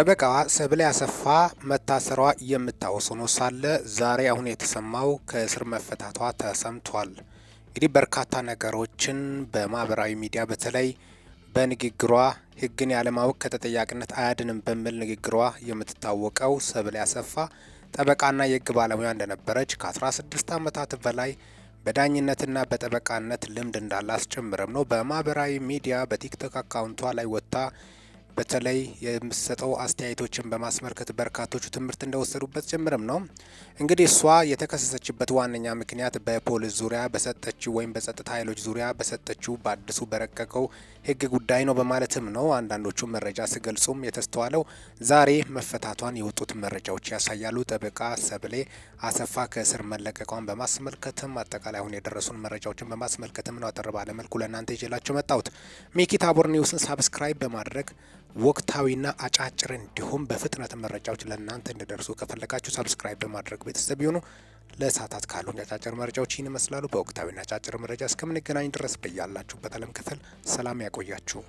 ጠበቃዋ ሰብለ አሰፋ መታሰሯ የምታወሱ ነው ሳለ ዛሬ አሁን የተሰማው ከእስር መፈታቷ ተሰምቷል። እንግዲህ በርካታ ነገሮችን በማህበራዊ ሚዲያ በተለይ በንግግሯ ህግን ያለማወቅ ከተጠያቂነት አያድንም በሚል ንግግሯ የምትታወቀው ሰብለ አሰፋ ጠበቃና የህግ ባለሙያ እንደነበረች ከ16 ዓመታት በላይ በዳኝነትና በጠበቃነት ልምድ እንዳላት ነው በማህበራዊ ሚዲያ በቲክቶክ አካውንቷ ላይ ወጥታ በተለይ የምሰጠው አስተያየቶችን በማስመልከት በርካቶቹ ትምህርት እንደወሰዱበት ጭምርም ነው። እንግዲህ እሷ የተከሰሰችበት ዋነኛ ምክንያት በፖሊስ ዙሪያ በሰጠችው ወይም በጸጥታ ኃይሎች ዙሪያ በሰጠችው በአዲሱ በረቀቀው ሕግ ጉዳይ ነው በማለትም ነው አንዳንዶቹ መረጃ ሲገልጹም የተስተዋለው። ዛሬ መፈታቷን የወጡት መረጃዎች ያሳያሉ። ጠበቃ ሰብሌ አሰፋ ከእስር መለቀቋን በማስመልከትም አጠቃላይ አሁን የደረሱን መረጃዎችን በማስመልከትም ነው አጠር ለእናንተ ይዤላቸው መጣሁት። ሚኪ ታቦር ኒውስን ሳብስክራይብ በማድረግ ወቅታዊና አጫጭር እንዲሁም በፍጥነት መረጃዎች ለእናንተ እንዲደርሱ ከፈለጋችሁ ሰብስክራይብ በማድረግ ቤተሰብ ይሁኑ። ለሰዓታት ካሉ አጫጭር መረጃዎች ይህን ይመስላሉ። በወቅታዊና አጫጭር መረጃ እስከምንገናኝ ድረስ በያላችሁበት ዓለም ክፍል ሰላም ያቆያችሁ።